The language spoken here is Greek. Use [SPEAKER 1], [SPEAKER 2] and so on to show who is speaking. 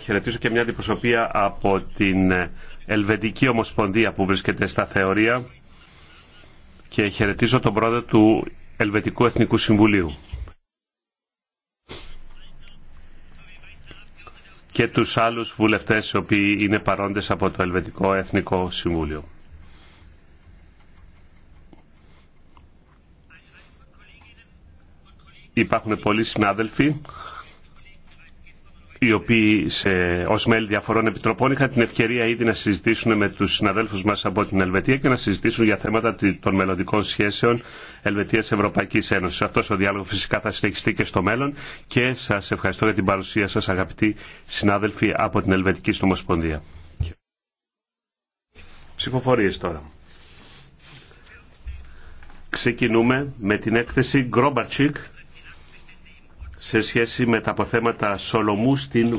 [SPEAKER 1] χαιρετήσω και μια αντιπροσωπεία από την Ελβετική Ομοσπονδία που βρίσκεται στα θεωρία και χαιρετίζω τον πρόεδρο του Ελβετικού Εθνικού Συμβουλίου. και τους άλλους βουλευτές οι οποίοι είναι παρόντες από το Ελβετικό Εθνικό Συμβούλιο. Υπάρχουν πολλοί συνάδελφοι οι οποίοι σε, ως μέλη διαφορών επιτροπών είχαν την ευκαιρία ήδη να συζητήσουν με τους συναδέλφους μας από την Ελβετία και να συζητήσουν για θέματα των μελλοντικών σχέσεων Ελβετίας-Ευρωπαϊκής Ένωσης. Αυτός ο διάλογος φυσικά θα συνεχιστεί και στο μέλλον και σας ευχαριστώ για την παρουσία σας αγαπητοί συνάδελφοι από την Ελβετική Στομοσπονδία. Ψηφοφορίες τώρα. Ξεκινούμε με την έκθεση Γκρόμπαρτσικ σε σχέση με τα αποθέματα Σολομού στην